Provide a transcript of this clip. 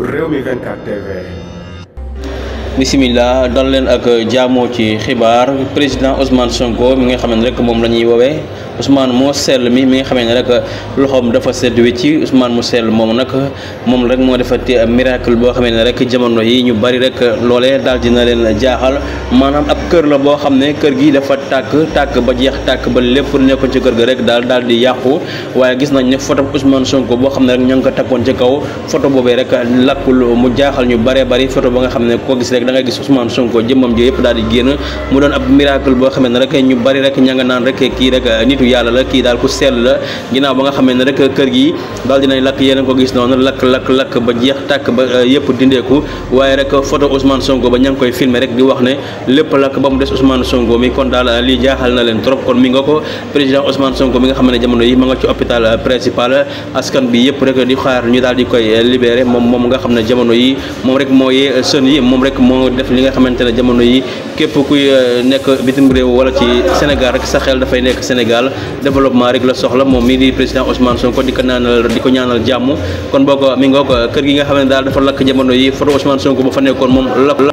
Rewmi 24 TV. bisimilah dal leen ak jaamoo ci xibaar président Ousmane Sonko mi nga xam ne rek moom la ñuy woowee. Ousmane moo sell mi mi nga xamee ne rek loxoom dafa sedd ci Ousmane mu sell moom nag moom rek moo defati miracle boo xamee ne rek jamono yi ñu bari rek loolee daal dina leen jaaxal manam ab kër la boo xam ne kër gi dafa tàkk tàkk ba jeex tàkk ba lépp lu nekkoon ci kër ga rek daal daal di yàqu waaye gis nañ ne photo Ousmane Sonko boo xam ne rek ñoo ngi ko takkoon ci kaw photo boobee rek lakkul mu jaaxal ñu bari bari photo ba nga xam ko koo gis rek da nga gis Ousmane Sonko jëmmam ji yëpp daal di génn mu doon ab miracle boo xamee ne rek ñu bari rek ña nga naan rek kii rek nitu yàlla la kii daal ku sell la ginnaaw ba nga xamee ne rek kër gi daal dinañ lakk yeneen ko gis noonu lakk lakk ba jeex tàkk ba euh, yépp dindeeku waaye rek photo Ousmane Sonko ba ña ngi koy filmer rek di wax ne lépp lakk ba mu des Ousmane Sonko mi kon daal lii jaaxal na leen trop kon mi nga ko président Ousmane Sonko mi nga jamono yi ma nga ci hôpital euh, principal askan bi yépp rek di xaar ñu daal di koy euh, libéré moom moom nga xam jamono yi moom rek moo yee yi rek def li nga xamante jamono yi képp kuy nekk bitim wala ci Sénégal rek sa xel senegal Sénégal développement rek la soxla moom mii di président Ousmane Sonko di ko naanal di ko ñaanal jàmm kon boo ko mi ngoo ko kër gi nga xam ne daal dafa lakk jamono yi photo Ousmane Sonko ba fa nekkoon moom lakk